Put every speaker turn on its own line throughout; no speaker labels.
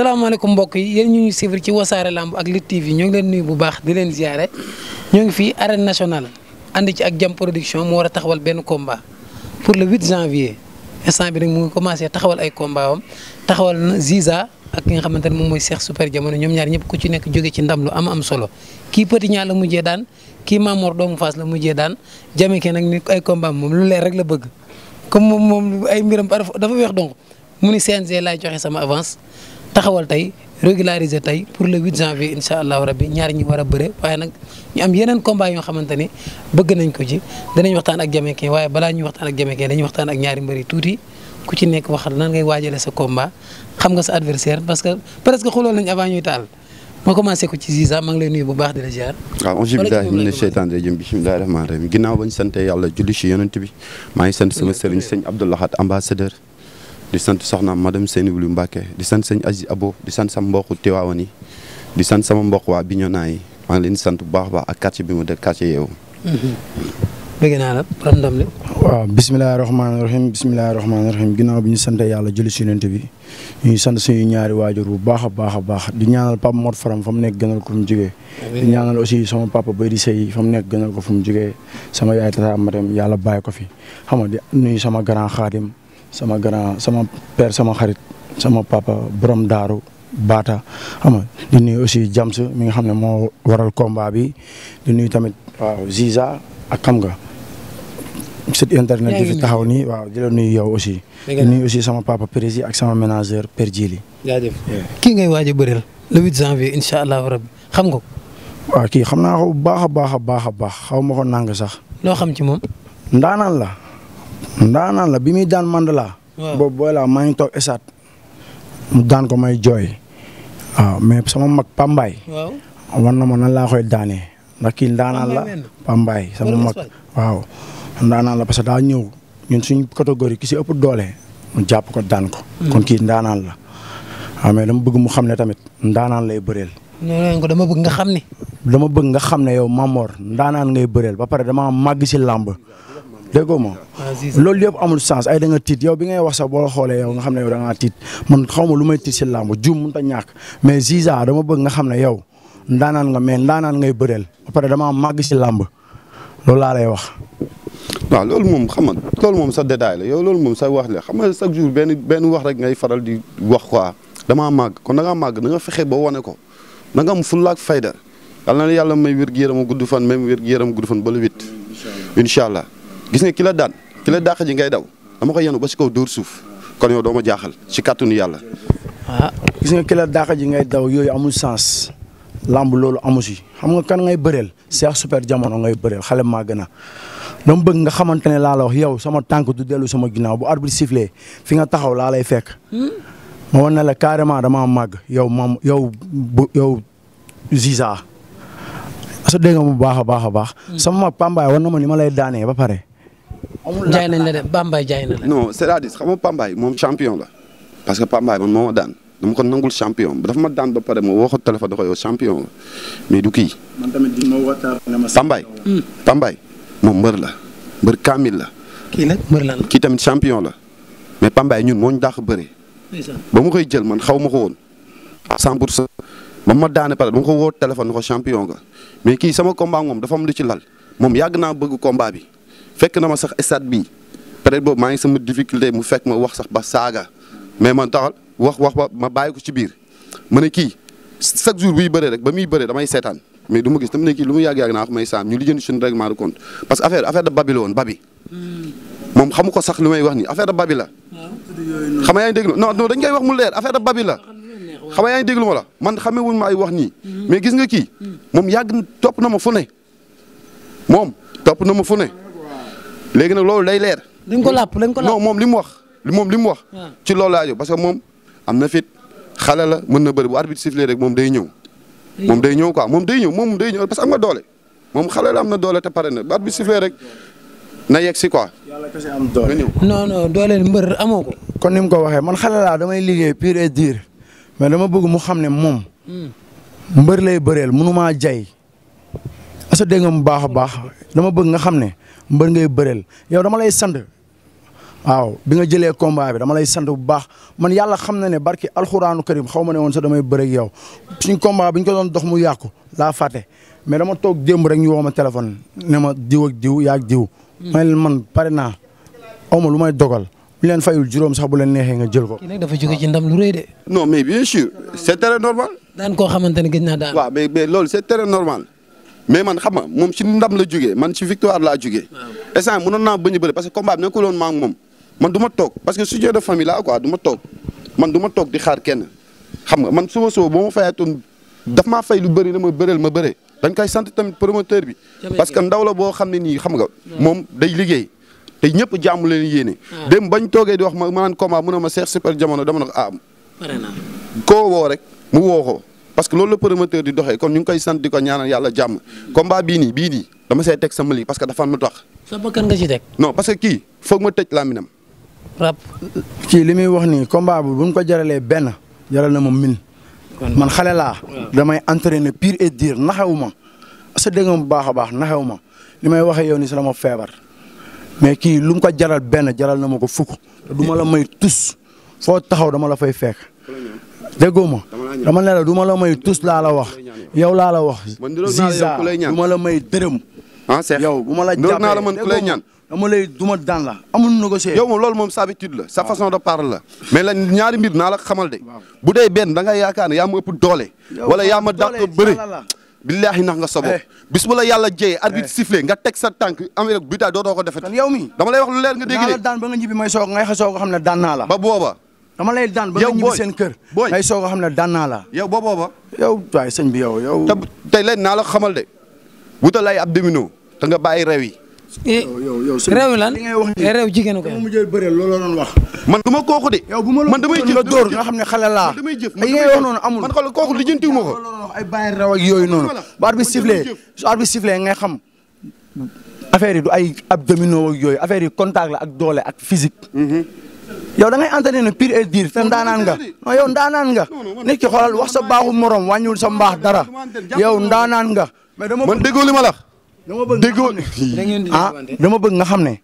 salaamaaleykum mbokk yi yéen ñu ngi suivre ci wasaare lamb ak Lutte TV ñoo ngi leen nuyu bu baax di leen ziare ñoo ngi fii arène nationale ànd ci ak jam production mu war a taxawal benn combat pour le 8 janvier instant bi nag mu ngi taxawal ay combat taxawal na Ziza ak ki nga xamante ne moom mooy Cheikh Super Jamono ñoom ñaari ñëpp ku ci nekk jóge ci ndam lu am am solo kii Petit Niang la mujjee daan ki Mamor doomu Faas la mujjee daan jamekee nag ni ay combat moom lu leer rek la bëgg comme moom moom ay mbiram dafa weex donc mu ni laay joxe sama avance taxawal tey régulariser tey pour le 8 janvier incha allahu rabbi ñaar ñi war a bëre waaye nag am yeneen combat yoo xamante ni bëgg nañ ko ci danañ waxtaan ak Jamaïcain waaye balaa ñuy waxtaan ak Jamaïcain dañuy waxtaan ak ñaari mbër tuuti ku ci nekk waxal nan ngay waajale sa combat xam nga sa adversaire parce que presque xulool nañ avant ñuy taal ma commencé ko ci Ziza maa ngi lay
ngi sant sama sëriñ sëñ Abdoul Ahad ambassadeur di sant soxna madame Seynabou Mbacke di sant sëñ Aziz Abo di sant sama mbokku Tiwaawan yi di sant sama mbokk waa Bignona yi maa ngi leen sant bu baax a baax ak quartier bi mu dëkk quartier Yeewu.
bëgg naa la randam bisimilah rahmaani rahiim bisimilah rahmaani ginnaaw bi ñu sant yàlla julli si yonent bi ñu sant suñu ñaari waajur bu baax a baax a baax di ñaanal papa Mor Faram fa mu nekk gënal ko fu mu jógee. di ñaanal aussi sama papa Baydi Sey fa mu nekk gënal ko fu mu jógee sama yaay Tata Mariam yàlla bàyyi ko fi xam nga di nuyu sama grand xaadim sama grand sama père sama xarit sama papa borom daaru baata xam nga di aussi Jams mi nga xam ne moo waral combat bi di tamit waaw Ziza ak xam nga. site internet bi fi taxaw nii waaw di la nuyu yow aussi. di nuyu aussi sama papa prési ak sama ménageur Père Djili.
jaajëf kii ngay waaj a bëreel le 8 janvier incha allah
rabbi xam nga ko. waaw kii xam naa ko bu baax a baax baax a baax xaw ma ko nàng sax. loo xam ci moom. ndaanaan la. ndaanaan la bi muy daan Mandela. waaw boobu booy laa maa ngi toog esaat mu daan ko may jooy. waaw mais sama mag Pambaay. waaw war na ma nan laa koy daanee. ndax kii ndaanaan la Pambaay sama mag waaw. ndaanaan la parce que daa ñëw ñun suñ catégorie ki si ëpp doole mu jàpp ko daan ko. Hmm. kon kii ndaanaan la. waaw ah, mais dama bëgg mu xam ne tamit ndaanaan lay bëreel. bëgg nga xam ne. dama bëgg nga xam ne yow Mamor ndaanaan ngay bëreel ba pare dama màgg si làmb. déggoo ma loolu yëpp amul sens ay da nga tiit yow bi ngay wax sax boo xoolee yow nga xam ne yow da ngaa man xaw ma lu may tiit si làmb juum mënut ta ñàkk mais Ziza dama bëgg nga xam ne yow ndaanaan nga mais ndaanaan ngay bëreel ba damaa màgg si làmb loolu laa lay wax.
waaw loolu moom xam nga loolu moom sa détail yow loolu moom sa wax la xam nga chaque jour benn benn wax rek ngay faral di wax quoi damaa màgg kon da màgg da nga fexe ba wane ko da nga am fulla ak fayda yal na yàlla may wér-gu-yaram gudd fan même wér-gu-yaram gudd fan ba le huit incha allah gis nga ki daan ki la dàq ji ngay daw dama ko yenu ba si kaw dóor suuf kon yow doo ma jaaxal si kàttanu yàlla.
ah gis nga ki la dàq ji ngay daw yooyu amul sens. lamb loolu amu si xam nga kan ngay bëreel Cheikh Super jamono ngay bëreel xale maa gën a dama bëgg nga xamante ne laa la yow sama tànk du dellu sama ginnaaw bu arbitre sifflé fi nga taxaw laa lay fekk. ma wan ne la carrément damaa màgg yow maam yow bu yow Ziza. asa nga mu baax a baax a baax. Mm. sama mag Pambaay war na ma ni ma lay daanee ba pare.
amul jaay nañ la de Bambaye jaay na la. non c'est-à-dire xam nga Bambaye moom champion la parce que Bambaye man moo ma daan dama ko nangul champion dafa ma daan ba pare ma woo ko téléphone da mais du kii. man tamit di ma hmm. moom mbër la mbër kaamil la. kii nag mbër la kii tamit champion la mais Bambaye ñun moo ñu dàq bëre. ba ma koy jël man xaw ma ko woon. 100 pour cent ba ma daane pare dama ko woo téléphone da ko champion nga mais kii sama combat moom dafa am lu ci lal moom yàgg naa bëgg combat bi. fekk na ma sax stade bi peut-être boobu maa ngi sama difficulté mu fekk ma wax sax ba saaga mais man taxal wax wax ba ma bàyyi ko ci biir ma ne kii chaque jour buy bëree rek ba muy bëree damay seetaan mais du ma gis dama ne kii lu mu yàgg yàgg naa wax may saam ñu lijjanti suñu règlement de compte parce que affaire affaire de babi la hmm. moom xamu ko sax lu may wax nii affaire de babi la. xam nga yaa ngi dañ koy wax mu leer affaire babi la. xam yaa déglu ma man xamee wuñ ma ay wax nii. Hmm. mais gis nga kii hmm. moom yàgg topp na ma fu ne moom topp na ma fu ne léegi nag loolu day leer. dañ ko làpp dañ ko làpp moom li mu wax moom li mu wax. Ah. ci loolu laa jóg parce que moom am na fit xale la mën na bëri bu arbitre rek moom day ñëw. moom day ñëw quoi moom day ñëw moom day ñëw parce am na doole moom xale am na doole te pare na bu arbitre rek na yegg si quoi. yàlla kese am doole nga
ñëw. non amoo ko. kon ni mu ko waxee man xale laa damay liggéey pur et dur mais dama bëgg mu xam ne moom. Hmm. mbër lay bëreel mënumaa jay parce que nga mu baax a baax dama bëgg nga xam ne mbër ngay bëreel yow dama lay sant waaw bi nga jëlee combat bi dama lay sant bu baax man yàlla xam na ne barki alxuraanu karim xaw ma ne woon sax damay bëre ak yow suñ combat bi ñu ko doon dox mu yàqu laa fàtte mais dama toog démb rek ñu woo ma téléphone ne ma diw ak diw yaa ak ma ne man pare naa aw ma lu may dogal. bu leen fayul juróom sax bu leen neexee nga jël ko.
kii
nag dafa jóge ci ndam lu rëy
mais bien sûr c'est très normal.
daan koo xamante ne gëj naa
daan. waaw mais loolu c'est très mais man xam nga moom ci ndam la jugee man ci victoire la jugee. instant yii mënoon naa bañ a bëri parce que combat bi nekkul woon maa ngi moom man du ma toog parce que sujet de famille laa quoi du ma toog man du ma toog di xaar kenn xam nga man suba suba boo ma fayatoon daf maa fay lu bëri na ma bëreel ma bëree dañ koy sant tamit promoteur bi. parce que ndaw la boo xam ne nii xam nga. moom day liggéey. te ñëpp jàmm leen yéene. dem bañ toogee di wax ma ma naan combat a ne ma Cheikh Super Diamono dama ne ko ah. woo rek mu woo ko parce que loolu la promoteur di doxee kon ñu ngi koy sant di ko ñaanal yàlla jàmm combat bii nii bii nii dama see teg sama lii parce que dafa am lu tax. sa bakkan nga ci teg. parce que kii foog ma tëj laaminam.
rab kii li muy wax nii combat bu buñ ko jaralee benn jaral na ma mil. man xale laa. damay entraîner pire et dire naxewu ma sa dégg bu baax a baax naxewu ma li may waxee yow nii si la ma feebar mais kii lu mu ko jaral benn jaral na ma ko fukk. duma la may tus foo taxaw dama la fay fekk déggoo ma. dama ne la du ma la may tus laa la wax yow laa la wax.
Ziza du ma la may dërëm. ah ma la naa la man ku lay ñaan. dama duma daan la amul négocier. yow moom loolu moom sa la sa façon de parler la. mais la ñaari mbir naa la xamal de. bu dee benn da nga yaakaar ne yaa ma doole. wala yaa ma dàq bëri. billaahi nax nga sa eh. la eh. nga teg sa tànk amee rek buta dootoo ko defet yow mi dama lay wax lu leer nga dégg de. daan ba nga ñibbi may soog ngay xasoo nga xam ne daan naa la ba booba
dama lay daan ba nga ñibbi seen kër. booy ay soog a xam ne daan naa la. yow boo booba. yow waaye sëñ bi yow yow.
te tey leen naa la xamal de wutal ay abdominaux te nga bàyyi rew yi.
Eh, yow yow
sëñ bi rew lan eh, rew jigéen ko. dama mujjee bëre loolu man du ma kooku yow bu ma
la man damay jëf nga dóor xam ne xale laa. damay jëf man damay jëf ay noonu amul. man xool kooku lijjantiw ma ko. ay bàyyi rew yooyu noonu. bu arbitre bi sifflee su arbitre bi sifflee ngay xam affaire yi du ay abdominaux ak yooyu affaire yi contact la ak doole ak physique mm-hmm. yow da ngay entraîné pire et dire te ndaanaan nga non yow ndaanaan nga nit ki xoolal wax sa baaxu morom wàññiwul sa mbaax dara yow ndaanaan nga. mais dama man déggoo li ma la. dama bëgg déggoo ah dama
bëgg nga xam ne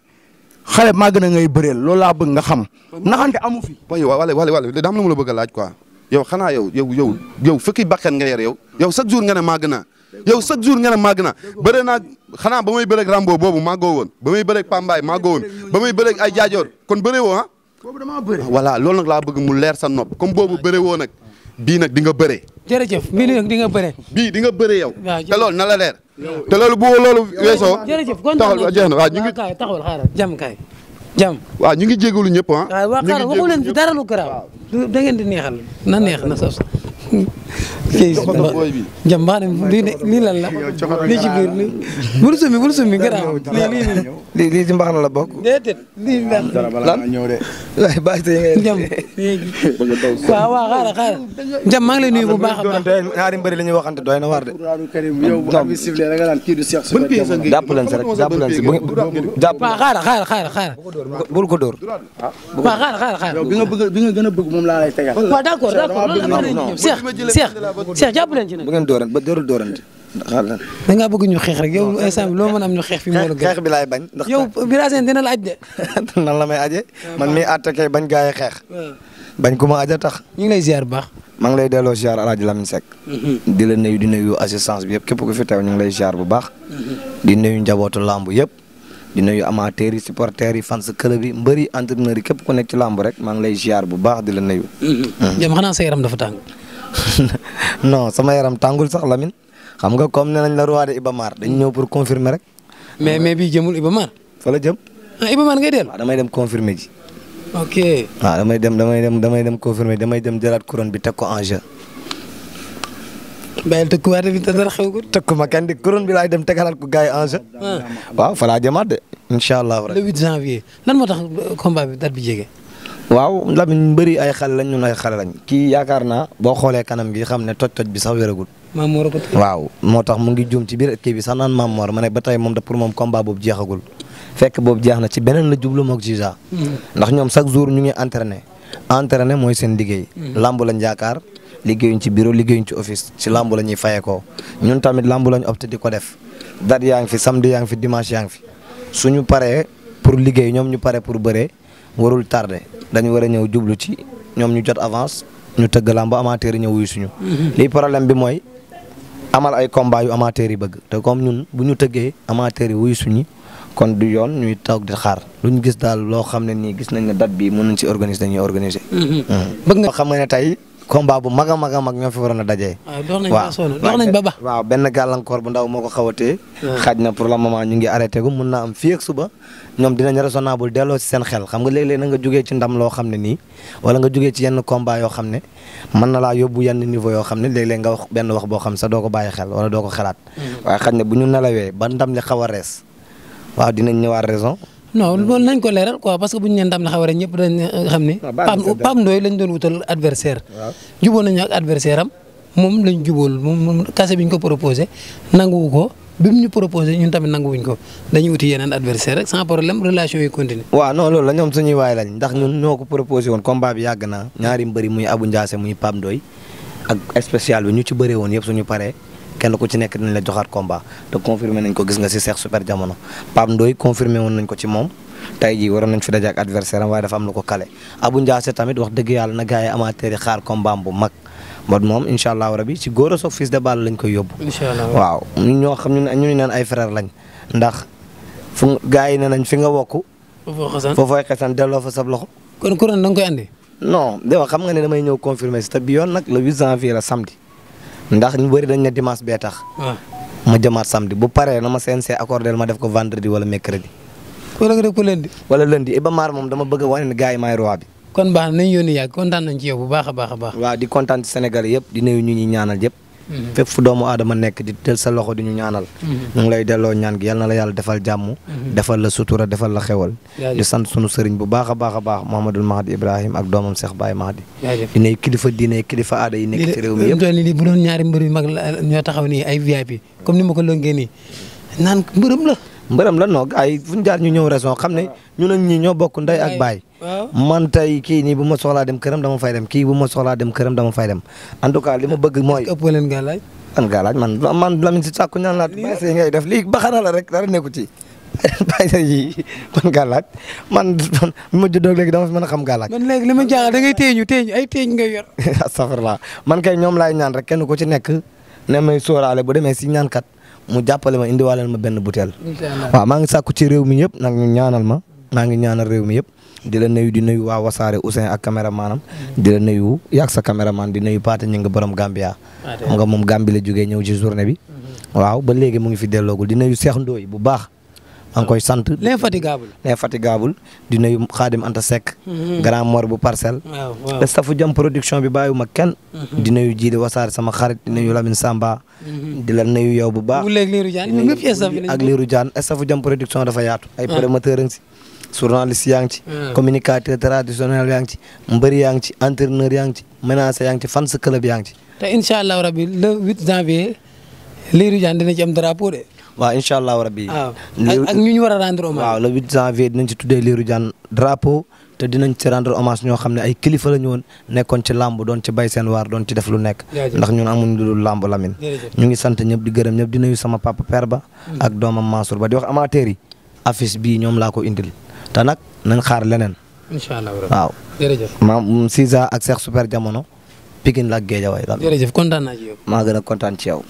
xale maa na ngay bëreel loolu laa bëgg nga xam naxante amu fi. waaye wala wala wala daa am lu ma la bëgg a laaj quoi yow xanaa yow yow yow yow fukki bakkan nga yer yow yow chaque jour nga ne màgg naa yow chaque jour nga ne màgg naa bëre naa xanaa ba may bëreeg Rambo boobu màggoo woon ba may bëreeg Pambaay màggoo woon ba may bëreeg ay jaajoor kon bëree woo ah? boobu damaa voilà loolu nag laa bëgg mu leer sa nopp comme boobu bëre woo nag bii nag di nga bëre. jërëjëf bii nag di nga bëre. bii di nga bëre yow. te loolu na la leer. te loolu bu loolu weesoo. jërëjëf kontaan nañu jeex na waaw ñu ngi taxawal xaaral jàmm kay jàmm waaw ñu ngi jégalu ñëpp ah. ñu ngi jégalu ñëpp waaw waxu leen fi
dara lu garaaw. da ngeen di neexal na neex na sos jambaane lii de lii lan la lii ci biir lii bul summi bul summi garaaw
lii lii lii la bokk déedéet lii lan lan waay bàyyi te ngay
a waaw waaw xaaral
xaaral jam maa ngi baax
a baax ñaari mbëri la ñuy waxante doy na war
de jàpp leen a rek jàpp leen si jàpp waaw xaaral xaaral xaaral xaaral bul ko dóor waaw xaaral xaaral xaaral bi nga bëgg bi
nga gën a
Cheikh Cheikh
jàpp leen ci nag. bu ngeen dooran ba
doorul doorante. xaaral da ngaa ñu xeex rek yow instant bi loo mën ñu xeex fi mu. xeex bi bañ. ndax yow Birasène dina la aj de. nan la may aje ah, man mii àtte kay bañ gaa yi xeex.
Ah.
bañ ku ma aja tax. ñu ngi lay ziar bu baax. maa ngi lay delloo ziar El Hadj Lamine Seck. Mm-hmm. di la nuyu di nuyu assistance bi yëpp képp ku fi teew ñu ngi lay ziar bu baax. Mm-hmm. di nuyu njabootu làmb yëpp. di nuyu amateurs yi supporters yi fans club yi mbëri entraîneurs yi képp ku nekk ci làmb rek maa lay ziar bu baax di la nuyu.
jëm mm-hmm. xanaa sa yaram dafa tàng.
non sama yaram tàngul sax Lamine xam nga comme ne nañ la roi de Ibamar dañ ñëw pour confirmer rek. mais mais bii jëmul Ibamar. fa la jëm. ah Ibamar ngay dellu. waaw damay dem confirmer ji. ok waaw damay dem damay dem damay dem confirmer damay dem jëlaat couronne bi teg ko en jeu. bàyyil tëkkuwaate bi te dara xew ko. tëkkuma kenn di couronne bi laay dem tegalaat ko gars yi en jeu. Ah. waaw fa laa jëmaat de. incha allah le 8
janvier lan moo tax combat bi date bi jege.
waaw Lamine mbëri ay xale lañ ñun ay xale lañ kii yaakaar naa boo xoolee kanam gi xam ne toj-toj bi sax wéragul.
maam Mor waaw
moo tax mu ngi juum ci biir kii bi sax naan maam Mor ma ne ba tey moom da pour moom combat boobu jeexagul fekk boobu jeex na ci beneen la jublu moog Ziza. Hmm. ndax ñoom chaque jour ñu ngi entraîné entraîné mooy seen liggéey. Hmm. lamb lañ yaakaar liggéeyuñ ci bureau liggéeyuñ ci office ci lamb la ñuy fayeekoo ñun tamit lamb lañ opté di ko def date yaa ngi fi samedi yaa ngi fi dimanche yaa ngi fi suñu paree pour liggéey ñoom ñu paree pour bëree warul tardé dañu war a ñëw jublu ci ñoom ñu jot avance ñu tëgg làmb ba amateur ñëw wuyu suñu. Mhm. lii problème bi mooy amal ay combat yu amateur yi bëgg te comme ñun bu ñu tëggee amateur yi wuyu suñu kon du yoon ñuy toog di xaar lu ñu gis daal loo xam ne nii gis nañ ne date bii mën nañ si organiser dañuy organiser. Mhm. Mhm. bëgg nga xam ne tey combat bu mag a mag a mag ñoo fi waroon a daje.
waaw ah, dox nañ ba
baax waaw benn gàllankoor bu ndaw moo ko xaw a téye. Ah. na pour le moment ñu ngi arrêté gu mun naa am fii ak suba ñoom dinañ raisonnable delloo ci seen xel xam nga léeg-léeg na nga jugee ci ndam loo xam ne nii wala nga jugee ci yenn combat yoo xam ne man na laa yóbbu yenn niveau yoo xam ne léeg-léeg nga wax benn wax boo xam sax doo ko bàyyi xel wala doo ko xalaat. Mm. waaye xaj na bu ñu nelawee ba ndam li xaw a rees waaw dinañ ñëwaat raison
non loolu nañ ko leeral quoi parce que bu ñu nee ndam la xaw rek ñëpp dañ eh, xam ne ah, Pape Ndoye lañ doon wutal moom lañ jubóol moom kase bi ñu ko proposé nanguwu ko bi mu ñu proposé ñun tamit nanguwuñ ko dañuy wuti yeneen adversaire rek sans problème relation yi continue
waaw non loolu la ñoom suñuy waay lañ ndax ñun ñoo ko proposé woon combat bi yàgg na ñaari mbëri muy Abou Ndiassé muy Pape Ndoye ak bi ñu ci bëree woon yëpp suñu pare kenn ku ci nekk dinañ la joxaat combat te confirmé nañ ko gis nga si Cheikh Super Jamono Pape Ndoye confirmé woon ko ci moom tey jii waroon nañ fi daje adversaire waaye dafa am lu ko kale Abou Ndiassé tamit wax dëgg yàlla na gars yi amateur yi xaar mag man moom incha allah rabi ci góor a soog fils da balle lañ koy yóbbu. waaw ñu ñu naan ay frère lañ ndax fu gars yi ne nañ fi nga wokk.
foofoo xasan foofoo
a delloo fa sab loxo.
kon kuréel na nga koy andi.
ndax ñu bëri dañ ne dimanche bee tax. Ah. ma jëmaat samedi bu paree na ma CNC accordé ma def ko vendredi wala mercredi. wala nga def ko lundi. wala lundi Iba Mar moom dama bëgg a wane ne gars yi maay roi bi. kon baax nañ yónni yàgg kontaan nañ ci yow bu baax baax a baax. waa di kontaan ci Sénégal yëpp di nuyu ñu ñuy ñaanal yëpp. Mhm. fépp fu doomu aadama nekk di del sa loxo di ñu ñaanal mhm. ñu ngi lay delloo ñaan gi yal na la yàlla defal jàmm mhm. defal la sutura defal la xewal di sant sunu sëriñ bu baax a baax a baax Mouhamadul Mahdi Ibrahim ak doomam Cheikh baay Mahdi dinay kilifa diine kilifa aada yi nekk ci réew mi
yëpp bu doon ñaari mbër yu mag ñoo taxaw nii ay VIP comme ni ma ko lëngee nii naan mbërëm la mbërëm la noog ay fu ñu jaar
ñu ñëw raison xam ne ñu ak ñi ñoo bokk ndey ak baay. man tey kii nii bu ma soxlaa dem këram dama fay dem kii bu ma soxlaa dem këram dama fay dem en tout cas li ma bëgg mooy. ëpp leen gaa laaj. an gaa man man Lamine si sàkku ñaan laat bàyyi ngay def lii baxana la rek dara nekku ci bàyyi sa yi man gaa man ma juddoo léegi dama fi mën a xam gaa laaj.
man li ma jaaxal da ngay teeñu teeñu ay teeñ ngay yor.
la man kay ñoom laay ñaan rek kenn ku ci nekk ne may sóoraale bu demee si ñaankat mu jàppale ma indiwaaleel ma benn butéel. waaw maa ngi sàkku ci réew mi yëpp nag ñu ñaanal ma maa ngi ñaanal réew mi yëpp. di la nuyu di nuyu waa wasaare Ousseyn a caméramanam mm. di la nuyu yàgg sa caméraman di nuyu Paate ñu nga borom Gambia. xam nga moom Gambie la jógee ñëw ci journée bi. Mm-hmm. waaw ba léegi mu ngi fi delloogul di nuyu seex Ndoye bu baax. maa ngi koy sant l'infatigable l'infatigable di nuyu Xaadim Anta Seck. Mm-hmm. grand mor bu parcelle.
waaw waaw staffu
jam production bi bàyyiwuma kenn. Mm-hmm. di nuyu jiidi wasaare sama xarit di nuyu Lamine Samba. di la nuyu yow bu baax. wala ak Lirou Diane ñoom ñëpp staff bi ak Lirou Diane staff Jam Production dafa yaatu. ay ah. promoteur ngi si journaliste ah. yaa ngi ci. mbër yaa ngi ci entraîneur yaa fans club yaa ngi ci.
te incha allahu janvier Lirou Diane dina ci am de. waaw incha allahu rabi. waaw ah. ak ñu ñu war a
janvier dinañ ci tuddee Lirou Diane drapeau. te dinañ ci rendre hommage ñoo xam ne ay kilifa la ñu woon nekkoon ci làmb doon ci bay seen waar doon ci def lu nekk ndax ñun amuñ lu dul làmb Lamine ñu ngi sant ñëpp di gërëm ñëpp di nuyu sama papa père ba hmm. ak doomam Mansour ba di wax amateur yi affiche bii ñoom laa ko indil te nag nañ xaar leneen
incha allah waaw jërëjëf
maam Siza ak Cheikh Super Jamono Pikine la ak Géejawaay la kontaan naa ci yow maa gën a kontaan ci yow